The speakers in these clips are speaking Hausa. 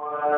Uh...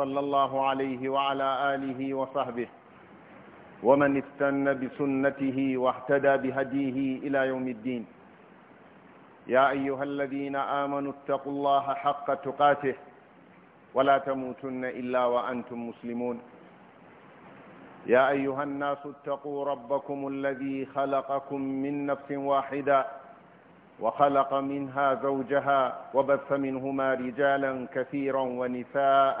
صلى الله عليه وعلى آله وصحبه ومن استنى بسنته واهتدى بهديه إلى يوم الدين يا أيها الذين آمنوا اتقوا الله حق تقاته ولا تموتن إلا وأنتم مسلمون يا أيها الناس اتقوا ربكم الذي خلقكم من نفس واحدة وخلق منها زوجها وبث منهما رجالا كثيرا ونساء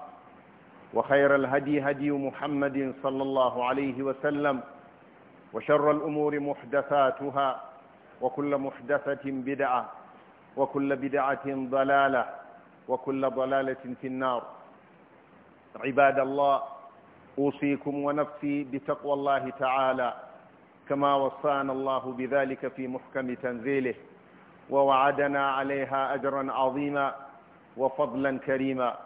وخير الهدي هدي محمد صلى الله عليه وسلم وشر الأمور محدثاتها وكل محدثة بدعة وكل بدعة ضلالة وكل ضلالة في النار عباد الله أوصيكم ونفسي بتقوى الله تعالى كما وصانا الله بذلك في محكم تنزيله ووعدنا عليها أجرا عظيما وفضلا كريما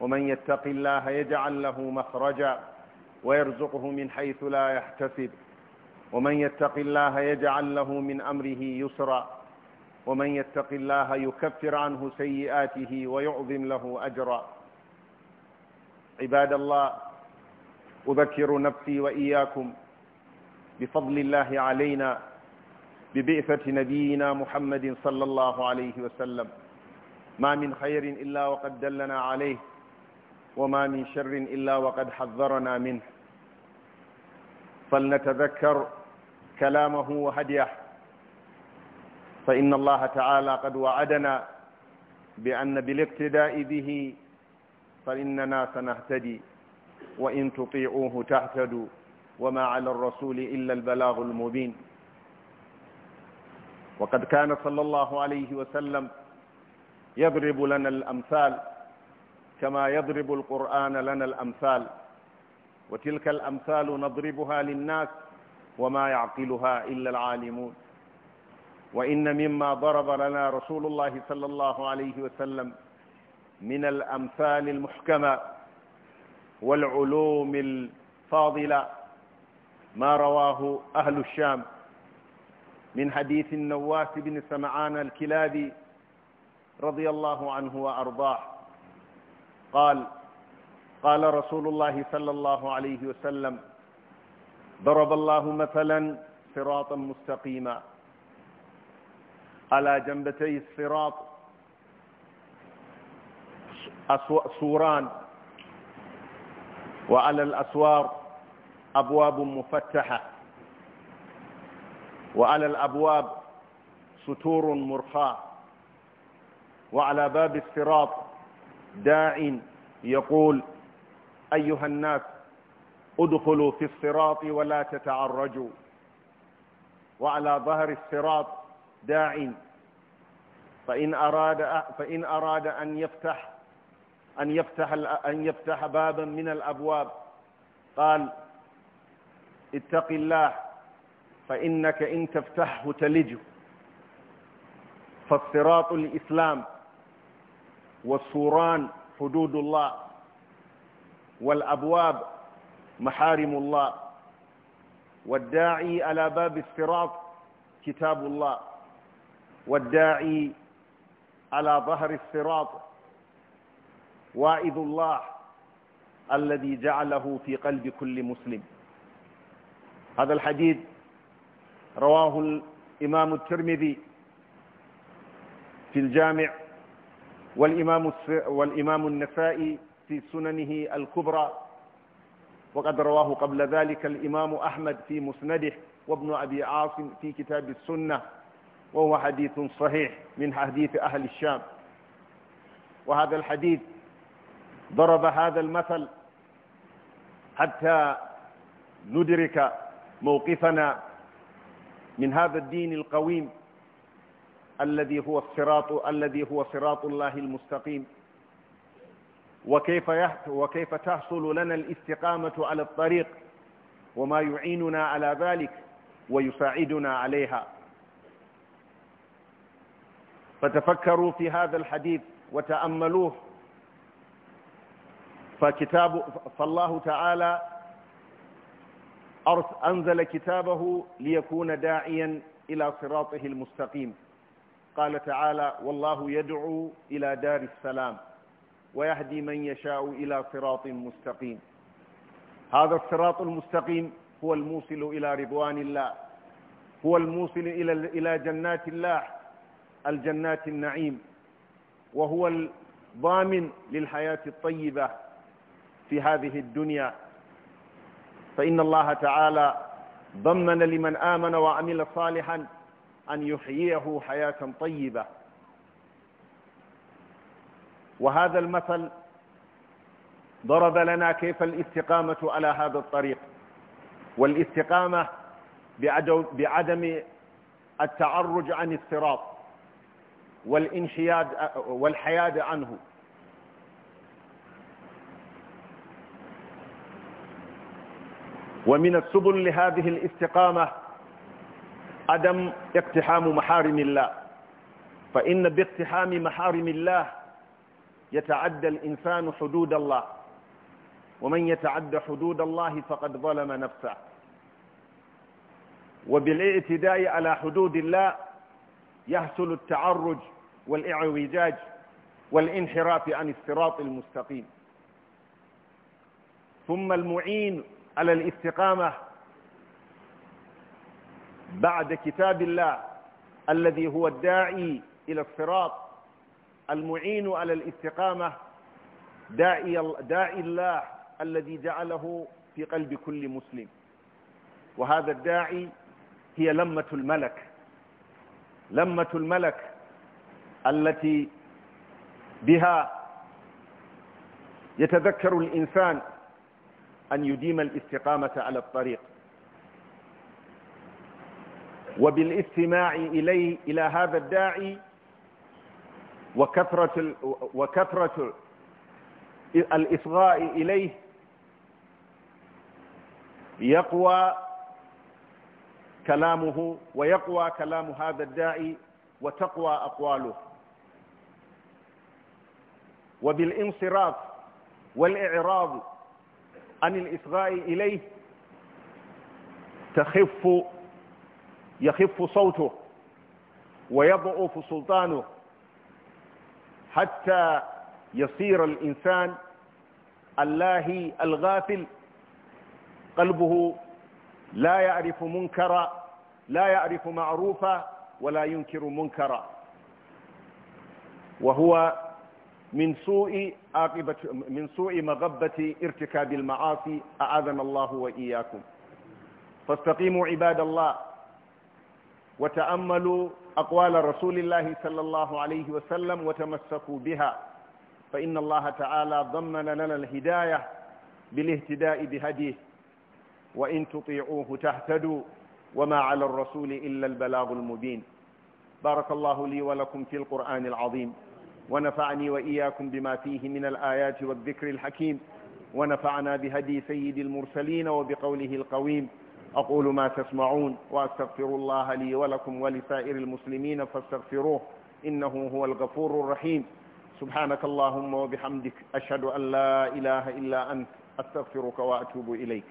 ومن يتق الله يجعل له مخرجا ويرزقه من حيث لا يحتسب ومن يتق الله يجعل له من أمره يسرا ومن يتق الله يكفر عنه سيئاته ويعظم له أجرا عباد الله أذكر نفسي وإياكم بفضل الله علينا ببعثة نبينا محمد صلى الله عليه وسلم ما من خير إلا وقد دلنا عليه وما من شر إلا وقد حذرنا منه فلنتذكر كلامه وهديه فإن الله تعالى قد وعدنا بأن بالاقتداء به فإننا سنهتدي وإن تطيعوه تهتدوا وما على الرسول إلا البلاغ المبين وقد كان صلى الله عليه وسلم يضرب لنا الأمثال كما يضرب القرآن لنا الأمثال وتلك الأمثال نضربها للناس وما يعقلها إلا العالمون وإن مما ضرب لنا رسول الله صلى الله عليه وسلم من الأمثال المحكمة والعلوم الفاضلة ما رواه أهل الشام من حديث النواس بن سمعان الكلابي رضي الله عنه وأرضاه قال قال رسول الله صلى الله عليه وسلم ضرب الله مثلا صراطا مستقيما على جنبتي الصراط سوران وعلى الأسوار أبواب مفتحة وعلى الأبواب ستور مرخاة وعلى باب الصراط داع يقول أيها الناس ادخلوا في الصراط ولا تتعرجوا وعلى ظهر الصراط داع فإن أراد فإن أراد أن يفتح أن يفتح أن يفتح بابا من الأبواب قال اتق الله فإنك إن تفتحه تلجه فالصراط الإسلام والثوران حدود الله والأبواب محارم الله والداعي على باب الصراط كتاب الله والداعي على ظهر الصراط واعظ الله الذي جعله في قلب كل مسلم هذا الحديث رواه الإمام الترمذي في الجامع والإمام, والإمام النسائي في سننه الكبرى وقد رواه قبل ذلك الإمام أحمد في مسنده وابن أبي عاصم في كتاب السنة وهو حديث صحيح من حديث أهل الشام وهذا الحديث ضرب هذا المثل حتى ندرك موقفنا من هذا الدين القويم الذي هو الصراط الذي هو صراط الله المستقيم وكيف وكيف تحصل لنا الاستقامة على الطريق وما يعيننا على ذلك ويساعدنا عليها فتفكروا في هذا الحديث وتأملوه فكتاب فالله تعالى أنزل كتابه ليكون داعيا إلى صراطه المستقيم قال تعالى والله يدعو إلى دار السلام ويهدي من يشاء إلى صراط مستقيم هذا الصراط المستقيم هو الموصل إلى رضوان الله هو الموصل إلى إلى جنات الله الجنات النعيم وهو الضامن للحياة الطيبة في هذه الدنيا فإن الله تعالى ضمن لمن آمن وعمل صالحا أن يحييه حياة طيبة وهذا المثل ضرب لنا كيف الاستقامة على هذا الطريق والاستقامة بعدم التعرج عن الصراط والانشياد والحياد عنه ومن السبل لهذه الاستقامة عدم اقتحام محارم الله فإن باقتحام محارم الله يتعدى الإنسان حدود الله ومن يتعدى حدود الله فقد ظلم نفسه وبالاعتداء على حدود الله يحصل التعرج والاعوجاج والانحراف عن الصراط المستقيم ثم المعين على الاستقامة بعد كتاب الله الذي هو الداعي إلى الصراط المعين على الاستقامة داعي, داعي الله الذي جعله في قلب كل مسلم وهذا الداعي هي لمة الملك لمة الملك التي بها يتذكر الإنسان أن يديم الاستقامة على الطريق وبالاستماع إليه إلى هذا الداعي وكثرة, ال... وكثرة الإصغاء إليه يقوى كلامه ويقوى كلام هذا الداعي وتقوى أقواله وبالانصراف والإعراض عن الإصغاء إليه تخف يخف صوته ويضعف سلطانه حتى يصير الإنسان اللاهي الغافل قلبه لا يعرف منكرا لا يعرف معروفا ولا ينكر منكرا وهو من سوء عاقبة من سوء مغبة ارتكاب المعاصي أعاذنا الله وإياكم فاستقيموا عباد الله وتأملوا أقوال رسول الله صلى الله عليه وسلم وتمسكوا بها فإن الله تعالى ضمن لنا الهداية بالاهتداء بهديه وإن تطيعوه تهتدوا وما على الرسول إلا البلاغ المبين بارك الله لي ولكم في القرآن العظيم ونفعني وإياكم بما فيه من الآيات والذكر الحكيم ونفعنا بهدي سيد المرسلين وبقوله القويم أقول ما تسمعون وأستغفر الله لي ولكم ولسائر المسلمين فاستغفروه إنه هو الغفور الرحيم سبحانك اللهم وبحمدك أشهد أن لا إله إلا أنت أستغفرك وأتوب إليك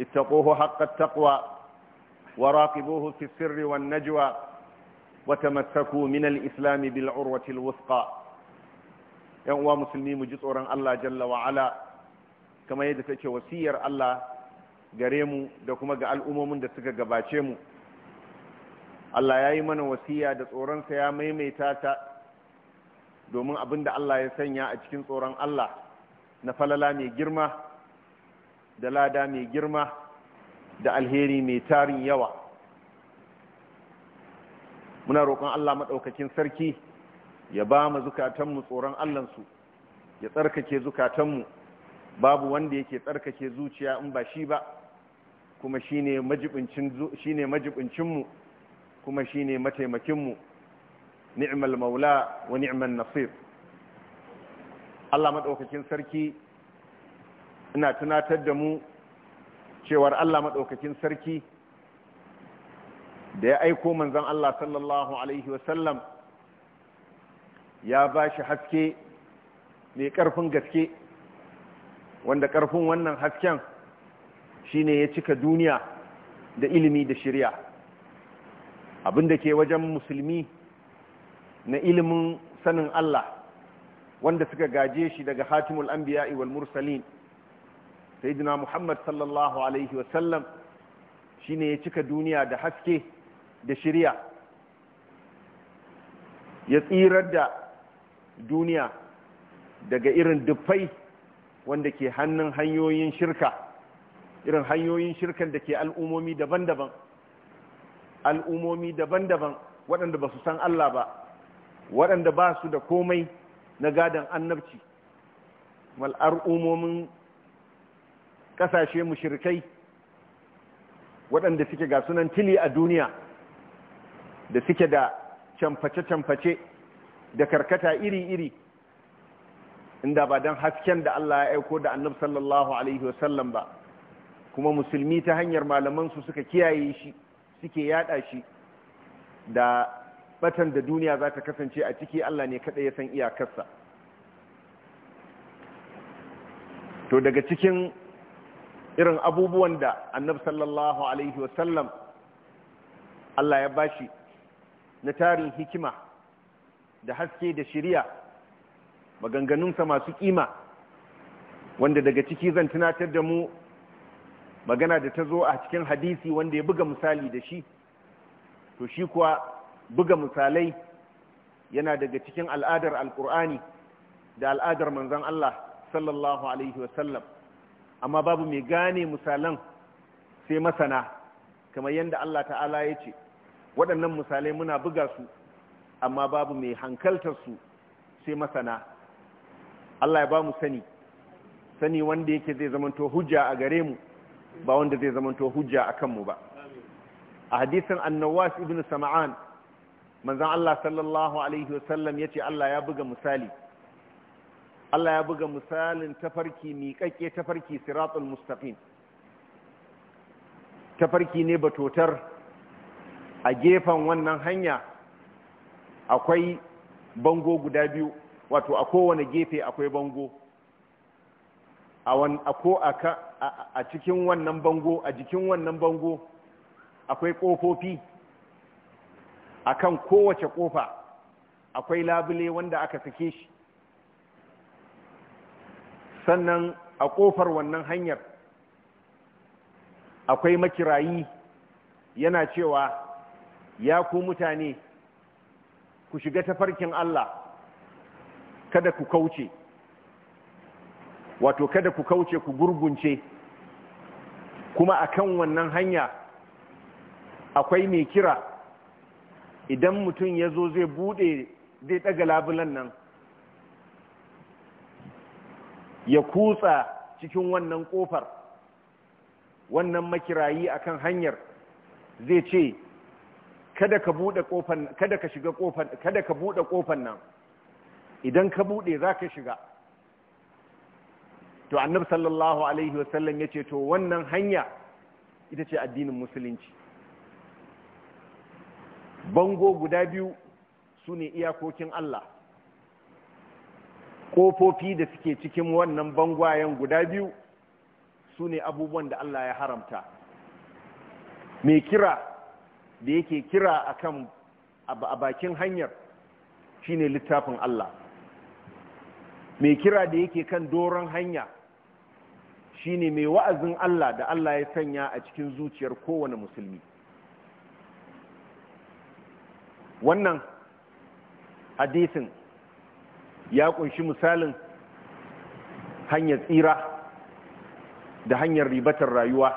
اتقوه حق التقوى وراقبوه في السر والنجوى وتمسكوا من الإسلام بالعروة الوثقى ينوى مسلمين مجسورا الله جل وعلا كما يدفعك وسير الله قريمو دكما قال أمم دسك قباتشيمو Allah ya yi mana wasiya da tsoronsa ya maimaita ta domin abin da Allah ya sanya a cikin tsoron Allah na falala mai girma da lada mai girma da alheri mai tarin yawa muna roƙon Allah maɗaukakin sarki ya ba mu zukatanmu tsoron Allahnsu ya tsarkake zukatanmu babu wanda yake tsarkake zuciya in ba shi ba kuma shi ne majibincinmu kuma shi ne mataimakinmu ni'mal maula wa ni'mal nasir Allah maɗaukakin sarki ina tunatar da mu cewar Allah maɗaukakin sarki da ya aiko manzan Allah sallallahu Alaihi wasallam ya ba shi haske mai ƙarfin gaske wanda ƙarfin wannan hasken shine ya cika duniya da ilimi da shirya abinda ke wajen musulmi na ilimin sanin Allah wanda suka gaje shi daga hatimul anbiya'i wal mursalin sayyidina muhammad sallallahu alaihi wasallam shine ya cika duniya da haske da shirya ya tsirar da duniya daga irin dufai wanda ke hannun hanyoyin shirka irin hanyoyin shirkan da ke al'umomi daban-daban al'umomi daban-daban waɗanda ba su san Allah ba waɗanda ba su da komai na gadon annabci mal'ar umomin kasashe mushrikai waɗanda suke ga sunan tili a duniya da suke da camface-camface da karkata iri-iri inda ba don hasken da Allah ya aiko da annab sallallahu alaihi wasallam ba kuma musulmi ta hanyar malamansu suka kiyaye shi suke yada shi da batan da duniya za ta kasance a ciki Allah ne kaɗai ya san iyakarsa to daga cikin irin abubuwan da annab sallallahu alaihi wasallam Allah ya bashi na tarin hikima da haske da shirya maganganunsa masu kima wanda daga ciki zan tunatar da mu magana da ta zo a cikin hadisi wanda ya buga misali da shi to shi kuwa buga misalai yana daga cikin al'adar alkur'ani da al'adar manzan Allah sallallahu alaihi wasallam amma babu mai gane misalan sai masana kamar yadda Allah ta'ala ya ce waɗannan misalai muna buga su amma babu mai hankaltar su sai masana Allah ya ba mu sani sani wanda yake zai zamanto hujja a gare mu ba wanda zai zamanto hujja a kanmu ba a hadisin annawas ibn sama'an manzan Allah sallallahu alaihi wasallam ya ce Allah ya buga misali Allah ya buga misalin tafarki miƙaƙƙe tafarki siratul mustaqim tafarki ne batotar a gefen wannan hanya akwai bango guda biyu wato a kowane gefe akwai bango a cikin wannan bango a jikin wannan bango akwai ƙofofi a kan kowace ƙofa akwai labule wanda aka sake shi sannan a ƙofar wannan hanyar akwai makirayi yana cewa ya ku mutane ku shiga tafarkin Allah kada ku kauce wato kada ku kauce ku gurgunce kuma akan wannan hanya akwai mai kira idan mutum ya zo zai buɗe zai ɗaga labulan nan ya kutsa cikin wannan kofar wannan makirayi akan hanyar zai ce kada ka bude kofar kada ka shiga kofar kada ka bude kofar nan idan ka bude zaka shiga to annabi sallallahu alaihi wasallam yace to wannan hanya ita ce addinin musulunci bango guda biyu sune iyakokin Allah kofofi da suke cikin wannan bangwayen guda biyu su ne abubuwan da Allah ya haramta mai kira da yake kira akan a bakin hanyar shine littafin Allah mai kira da yake kan doron hanya shine mai wa'azin Allah da Allah ya sanya a cikin zuciyar kowane musulmi wannan hadisin ya kunshi misalin hanyar tsira da hanyar ribatar rayuwa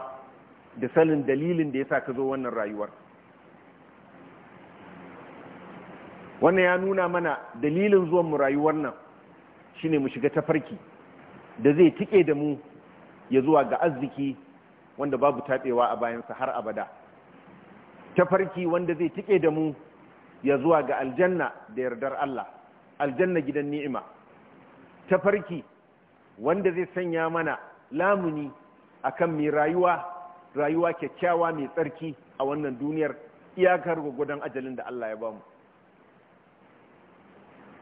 da salin dalilin da ya sa ka zo wannan rayuwar wannan ya nuna mana dalilin zuwan mu rayuwar nan shine mu shiga tafarki da zai tike da mu ya zuwa ga arziki wanda babu taɓewa a bayansa har abada tafarki wanda zai tike da mu ya zuwa ga aljanna da yardar Allah aljanna gidan ni'ima ta farki wanda zai sanya mana lamuni akan mai rayuwa rayuwa kyakkyawa mai tsarki a wannan duniyar iyakar gwagwadon ajalin da Allah ya bamu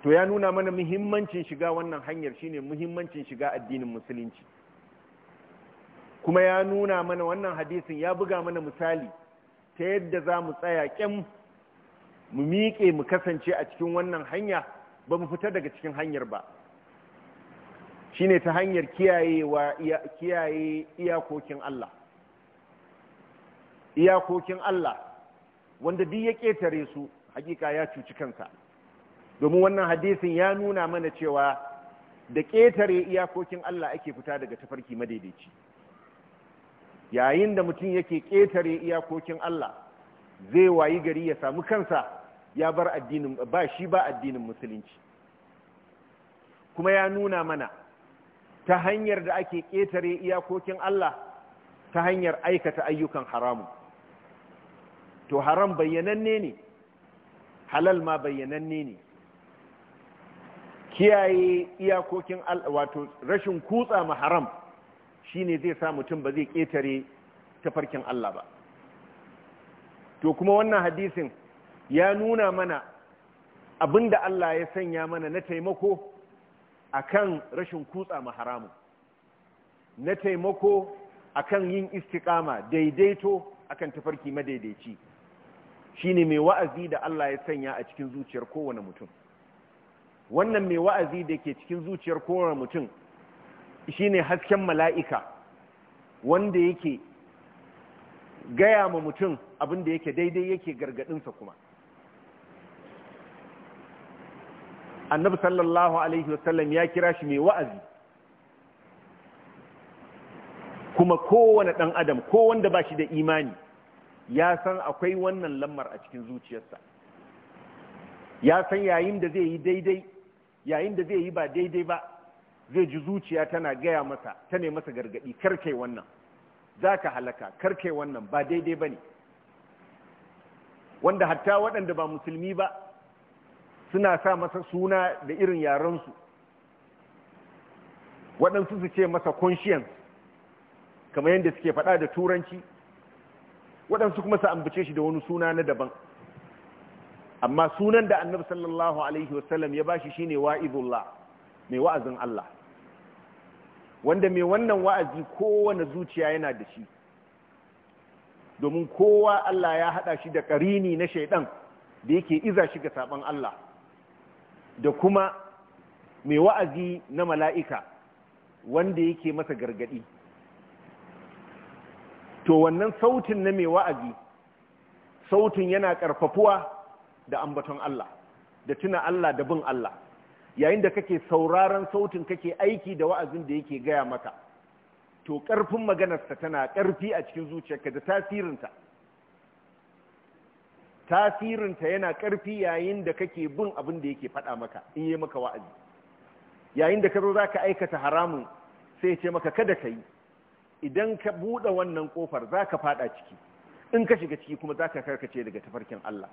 to ya nuna mana muhimmancin shiga wannan hanyar shine muhimmancin shiga addinin musulunci kuma ya nuna mana wannan hadisin ya buga mana misali ta yadda za mu tsaya kyan mu miƙe mu kasance a cikin wannan hanya ba mu fita daga cikin hanyar ba shine ta hanyar kiyaye iyakokin Allah iyakokin Allah wanda duk ya ƙetare su hakika ya cuci kansa domin wannan hadisin ya nuna mana cewa da ƙetare iyakokin Allah ake fita daga tafarki madaidaici yayin da mutum yake ƙetare iyakokin Allah zai wayi gari ya samu kansa ya bar addinin ba shi ba addinin musulunci kuma ya nuna mana ta hanyar da ake ƙetare iyakokin Allah ta hanyar aikata ayyukan haramun to haram bayyananne ne halal ma bayyananne ne kiyaye iyakokin wato rashin kutsa ma haram shine zai sa mutum ba zai ƙetare tafarkin Allah ba to kuma wannan hadisin ya nuna mana abin da Allah ya sanya mana na taimako a kan rashin kutsa ma haramun, na taimako a kan yin istiƙama daidaito a kan tafarki madaidaici shine mai wa'azi da Allah ya sanya a cikin zuciyar kowane mutum wannan mai wa'azi da ke cikin zuciyar kowane mutum shine hasken mala'ika wanda yake gaya ma mutum abin da yake daidai yake gargadinsa kuma annabi sallallahu alaihi wasallam ya kira shi mai wa'azi kuma kowane dan adam ko wanda ba shi da imani ya san akwai wannan lamar a cikin zuciyarsa ya san yayin da zai yi daidai yayin da zai yi ba daidai ba zai ji zuciya tana gaya masa ta ne masa gargaɗi karke wannan za ka halaka karke wannan ba daidai ba ne wanda hatta waɗanda ba musulmi ba suna sa masa suna da irin yarensu waɗansu su ce masa conscience kamar yadda suke faɗa da turanci waɗansu kuma su ambace shi da wani suna na daban amma sunan da annabi sallallahu alaihi wasallam ya bashi shine wa'izullah mai wa'azin Allah wanda mai wannan wa'azi kowane zuciya yana da shi domin kowa Allah ya haɗa shi da ƙarini na shaidan da yake iza shi ga saban Allah da kuma mai wa'azi na mala'ika wanda yake masa gargaɗi. to wannan sautin na mai wa'azi sautin yana ƙarfafuwa da ambaton Allah da tuna Allah da bin Allah yayin da kake sauraron sautin kake aiki da wa'azin da yake gaya maka to ƙarfin maganarsa tana ƙarfi a cikin zuciyarka da tasirinta tasirinta yana ƙarfi yayin da kake bin abin da yake faɗa maka in yi maka wa'azi yayin da ka zo za ka aikata haramun sai ce maka kada ka yi idan ka buɗe wannan ƙofar za ka faɗa ciki in ka shiga ciki kuma za ka karkace daga tafarkin Allah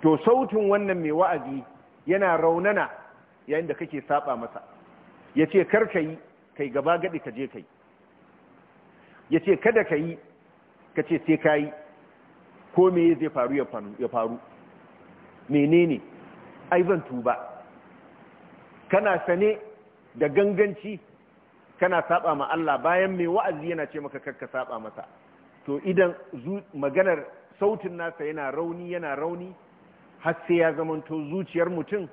to sautin wannan mai wa'azi yana raunana yayin da kake saba masa ya ce kar ka yi kai gaba gaɗi ka je ka ya ce kada ka yi ka ce sai ka yi ko me zai faru ya faru menene ai zan tuba kana sane da ganganci kana saba ma Allah bayan mai wa'azi yana ce maka karka saba masa to idan maganar sautin nasa yana rauni yana rauni har sai ya zamanto zuciyar mutum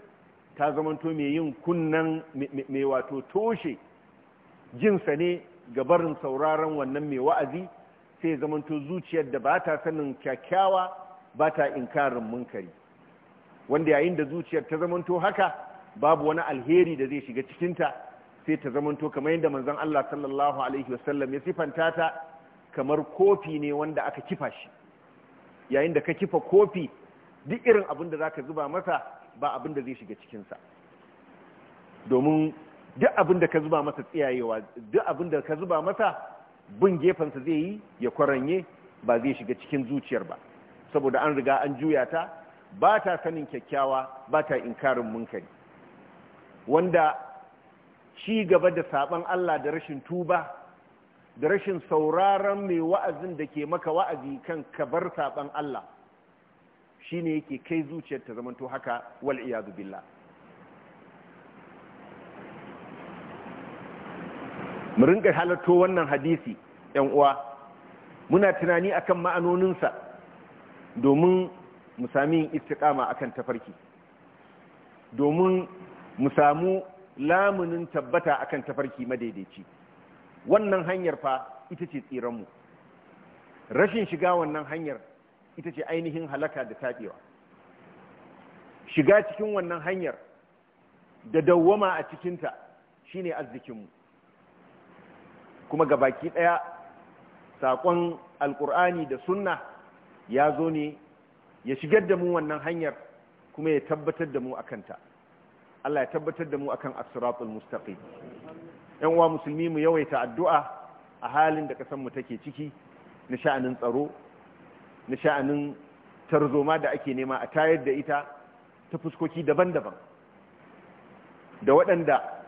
ta zamanto mai yin kunnan mai wato toshe jinsa ne ga barin sauraron wannan mai wa'azi sai zamanto zuciyar da ba ta sanin kyakkyawa ba ta inkarin munkari wanda yayin da zuciyar ta zamanto haka babu wani alheri da zai shiga cikinta sai ta zamanto kamar yadda manzon Allah sallallahu alaihi wasallam ya sifanta ta kamar kofi ne wanda aka kifa shi yayin da ka kifa kofi duk irin abin da zaka zuba masa ba abin da zai shiga cikinsa domin duk abin da ka zuba masa tsiyayewa duk abin da ka zuba masa bin gefensa zai yi ya kwaranye ba zai shiga cikin zuciyar ba saboda an riga an juya ta ba ta sanin kyakkyawa ba ta inkarin munkari wanda ci gaba da saban Allah da rashin tuba da rashin sauraron mai wa'azin da ke maka wa'azi kan kabar saban Allah shine yake kai zuciyar ta zamanto haka wal iyadu billah mu rinka halatto wannan hadisi yan uwa muna tunani akan ma'anoninsa domin mu sami istiqama akan tafarki domin mu samu lamunin tabbata akan tafarki madaidaici wannan hanyar fa ita ce tsiranmu rashin shiga wannan hanyar ita ce ainihin halaka da taɓewa shiga cikin wannan hanyar da dawwama a cikinta shine arzikinmu kuma ga baki ɗaya saƙon alkur'ani da sunna ya zo ne ya shigar da mu wannan hanyar kuma ya tabbatar da mu a kanta Allah ya tabbatar da mu akan as-siratul mustaqim yan uwa musulmi mu yawaita addu'a a halin da kasan mu take ciki na sha'anin tsaro na sha'anin tarzoma da ake nema a tayar da ita ta fuskoki daban-daban da waɗanda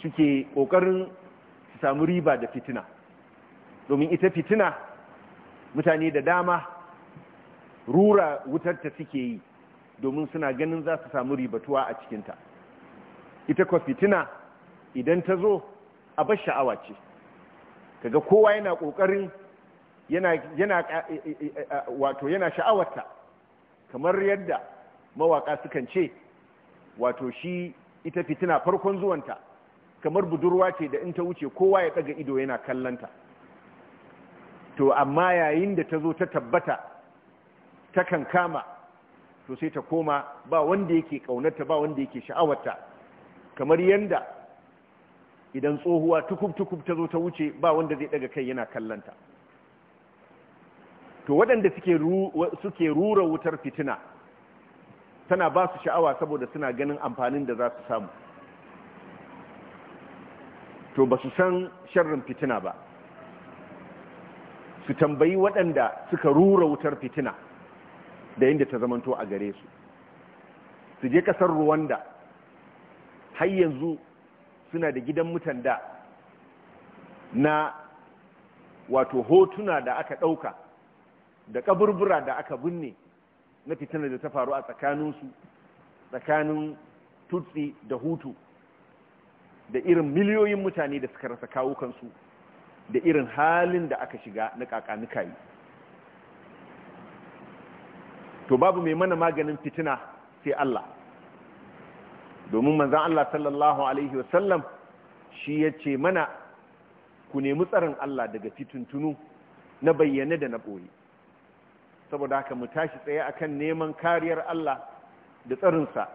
suke ƙoƙarin su samu riba da fitina domin ita fitina mutane da dama rura wutar ta suke yi domin suna ganin za su samu ribatuwa a cikinta ita kwa fitina idan ta zo a bar sha'awa ce kaga kowa yana ƙoƙarin eh, eh, eh, wato yana sha'awarta kamar yadda mawaka sukan ce wato shi ita fitina farkon zuwanta kamar budurwa ce da in ta wuce kowa ya ɗaga ido yana kallanta to amma yayin da ta zo ta tabbata ta kama to sai ta koma ba wanda yake ƙaunarta ba wanda yake sha'awarta kamar yanda idan tsohuwa tukub-tukub ta zo ta wuce ba wanda zai daga kai yana kallanta to waɗanda suke rura wutar fitina tana ba su sha'awa saboda suna ganin amfanin da za su samu to ba su san sharrin fitina ba su tambayi waɗanda suka rura wutar fitina da yadda ta zamanto a gare su su je ƙasar ruwanda har yanzu suna da gidan mutan da na wato hotuna da aka ɗauka da ƙaburbura da aka binne na fitinar da ta faru a tsakaninsu tsakanin tutsi da hutu da irin miliyoyin mutane da suka rasa kawo kansu da irin halin da aka shiga na kakanuka yi to babu mai mana maganin fitina sai Allah domin manzan Allah sallallahu Alaihi wasallam shi ya ce mana ku nemi tsarin Allah daga tunu na bayyane da na ɓoye saboda haka mu tashi tsaye akan neman kariyar Allah da tsarinsa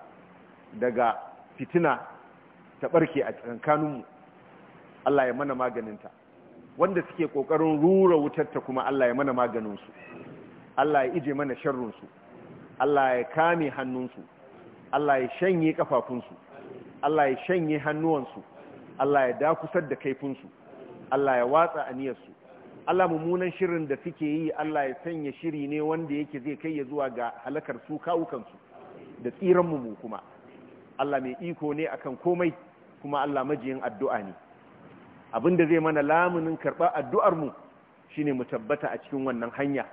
daga fitina ta barke a tsakaninmu. Allah ya mana maganinta wanda suke kokarin rura wutar ta kuma Allah ya mana maganinsu Allah ya ije mana sharrunsu Allah ya kame hannunsu Allah ya shanye kafafunsu Allah ya shanye hannuwansu Allah ya dakusar da kaifinsu Allah ya watsa aniyarsu Allah mummunan shirin da suke yi Allah ya sanya shiri ne wanda yake zai kai ya zuwa ga halakar su kawukansu da tsiran mu kuma Allah mai iko ne akan komai kuma Allah majiyin addu'a ne abinda zai mana lamunin karɓar addu'ar mu shine mu tabbata a cikin wannan hanya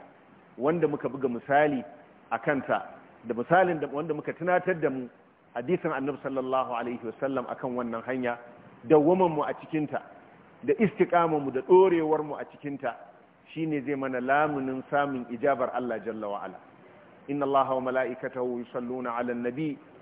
wanda muka buga misali a kanta da misalin wanda muka tunatar da mu hadisin annabi sallallahu alaihi wasallam akan wannan hanya dawwaman mu a cikinta da istiqaman mu da ɗorewar mu a cikinta shine zai mana lamunin samun ijabar Allah jalla wa'ala. inna allaha wa mala'ikatahu yusalluna 'alan nabi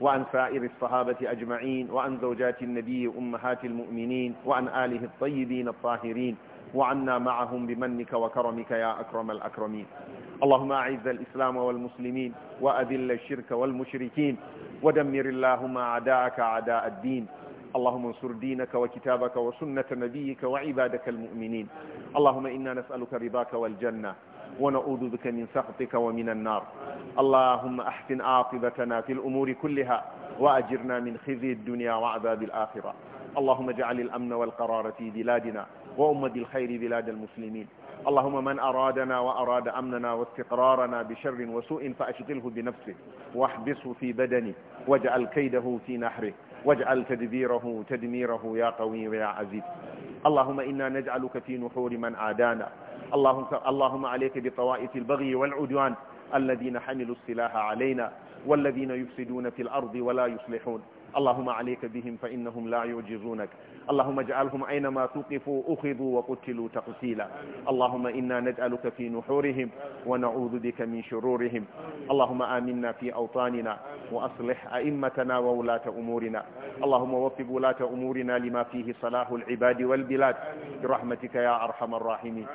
وعن سائر الصحابة أجمعين وعن زوجات النبي أمهات المؤمنين وعن آله الطيبين الطاهرين وعنا معهم بمنك وكرمك يا أكرم الأكرمين اللهم أعز الإسلام والمسلمين وأذل الشرك والمشركين ودمر اللهم أعداءك أعداء الدين اللهم انصر دينك وكتابك وسنة نبيك وعبادك المؤمنين اللهم إنا نسألك رضاك والجنة ونعوذ بك من سخطك ومن النار اللهم أحسن عاقبتنا في الأمور كلها وأجرنا من خزي الدنيا وعذاب الآخرة اللهم اجعل الأمن والقرار في بلادنا وأمة الخير بلاد المسلمين اللهم من أرادنا وأراد أمننا واستقرارنا بشر وسوء فأشغله بنفسه واحبسه في بدنه واجعل كيده في نحره واجعل تدبيره تدميره يا قوي يا عزيز اللهم إنا نجعلك في نحور من عادانا اللهم, اللهم عليك بطوائف البغي والعدوان الذين حملوا السلاح علينا والذين يفسدون في الأرض ولا يصلحون اللهم عليك بهم فإنهم لا يعجزونك اللهم اجعلهم أينما توقفوا أخذوا وقتلوا تقتيلا اللهم إنا نجعلك في نحورهم ونعوذ بك من شرورهم اللهم آمنا في أوطاننا وأصلح أئمتنا وولاة أمورنا اللهم وفق ولاة أمورنا لما فيه صلاح العباد والبلاد برحمتك يا أرحم الراحمين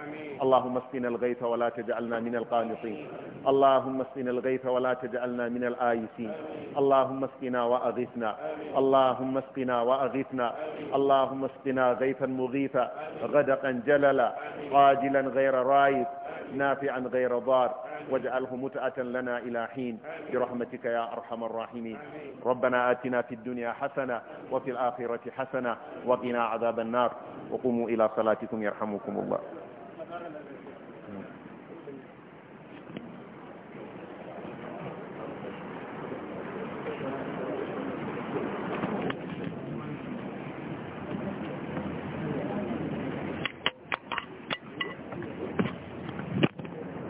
اللهم اسقنا الغيث ولا تجعلنا من القانطين اللهم اسقنا الغيث ولا تجعلنا من الآيسين اللهم اسقنا وأغثنا اللهم اسقنا وأغثنا اللهم اسقنا غيثا مغيثا غدقا جللا قاجلا غير رايف نافعا غير ضار واجعله متعة لنا إلى حين برحمتك يا أرحم الراحمين ربنا آتنا في الدنيا حسنة وفي الآخرة حسنة وقنا عذاب النار وقوموا إلى صلاتكم يرحمكم الله